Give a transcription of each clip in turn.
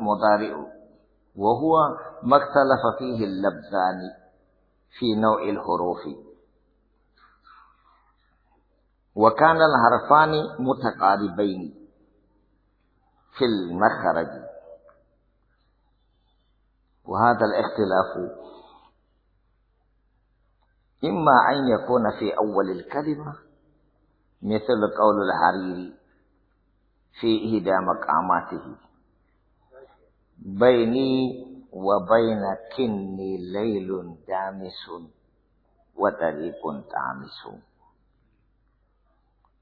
المضارع وهو ما اختلف فيه اللبزان في نوع الحروف وكان الحرفان متقاربين في المخرج وهذا الاختلاف إما أن يكون في أول الكلمة مثل قول الحريري في إحدى مقاماته baini wa baina kinni Lailun damisun wa tariqun tamisun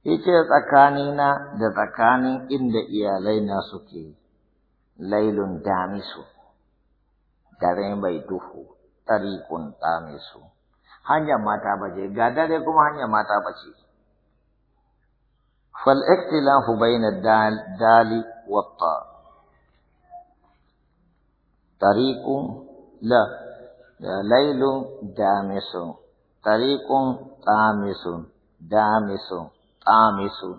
yace tsakanina da tsakanin inda iyalai na suke lailun damisu dare mai duhu tariqun tamisu hanyar mata baje. ga dare kuma hanyar mata bace fal ikhtilafu dal dali wa ta tarikum la da lailun damisun tarikum tamisun damisun tamisun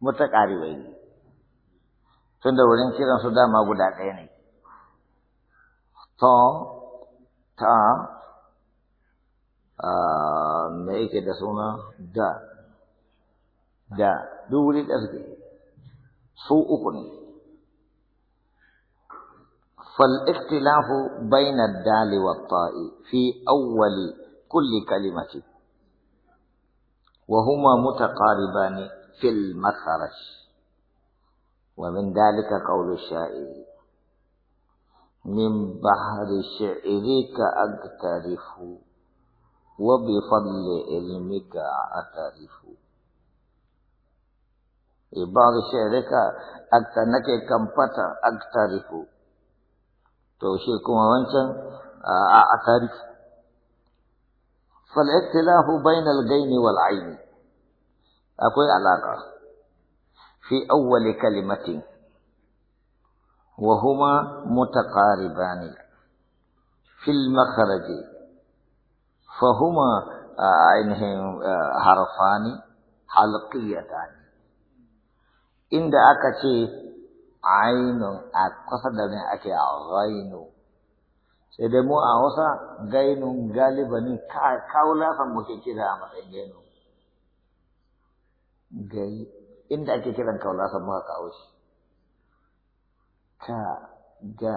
mutta kari wai tunda wurin kiran su dama guda ɗaya ne to ta a me yake da suna da da duk wuri da suke su uku ne فالاختلاف بين الدال والطاء في أول كل كلمة وهما متقاربان في المخرج ومن ذلك قول الشاعر من بحر شعرك أقترف وبفضل علمك أعترف إيه، بعض شعرك أكتنك كم فتر أقترف to shi kuma wancan a asari fal iktilahu bainal gaini wal aini akwai alaka fi awwali kalimatin wa huma mutaqaribani fil makhraji fa huma ainihin harfani halqiyatan inda aka ce ainun a kusa da ne ake a rainu sai dai mu a wasa gainun galibani kawulafan muke kira a matsayin gainu gai inda ake kiran kawulafan muka kawo shi ka ga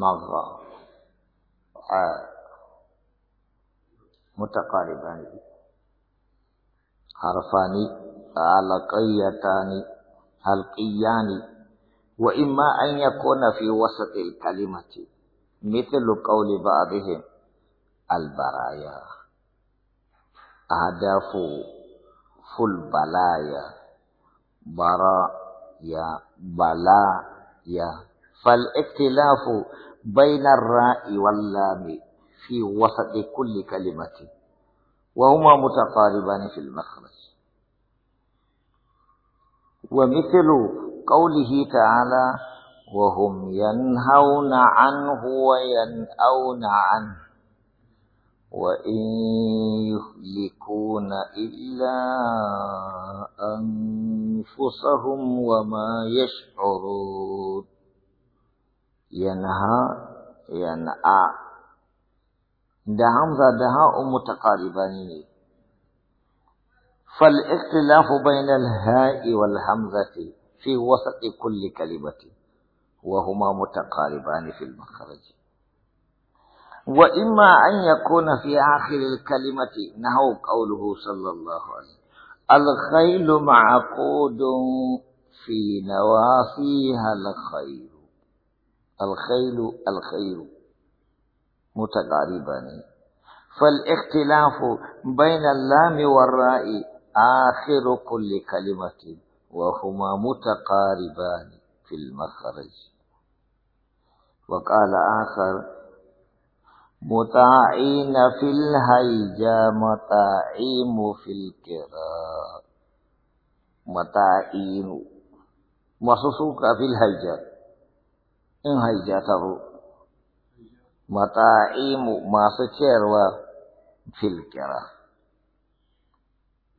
mafa a mutaqaribani harfani alaƙayyata ne القيان وإما أن يكون في وسط الكلمة مثل قول بعضهم البرايا أهداف براء يا برايا بلايا فالاختلاف بين الراء واللام في وسط كل كلمة وهما متقاربان في المخرج ومثل قوله تعالى وهم ينهون عنه وينأون عنه وإن يهلكون إلا أنفسهم وما يشعرون ينهى ينأى دعم ذا دعاء متقاربانين فالاختلاف بين الهاء والهمزة في وسط كل كلمة وهما متقاربان في المخرج وإما أن يكون في آخر الكلمة نحو قوله صلى الله عليه وسلم الخيل معقود في نواصيها الخير الخيل الخير متقاربان فالاختلاف بين اللام والراء آخر كل كلمة وهما متقاربان في المخرج وقال آخر مطاعين في الهيجا مطاعيم في الكراء مطاعين مصصوك في الهيجا إن هيجا ترو مطاعيم ما في الكراء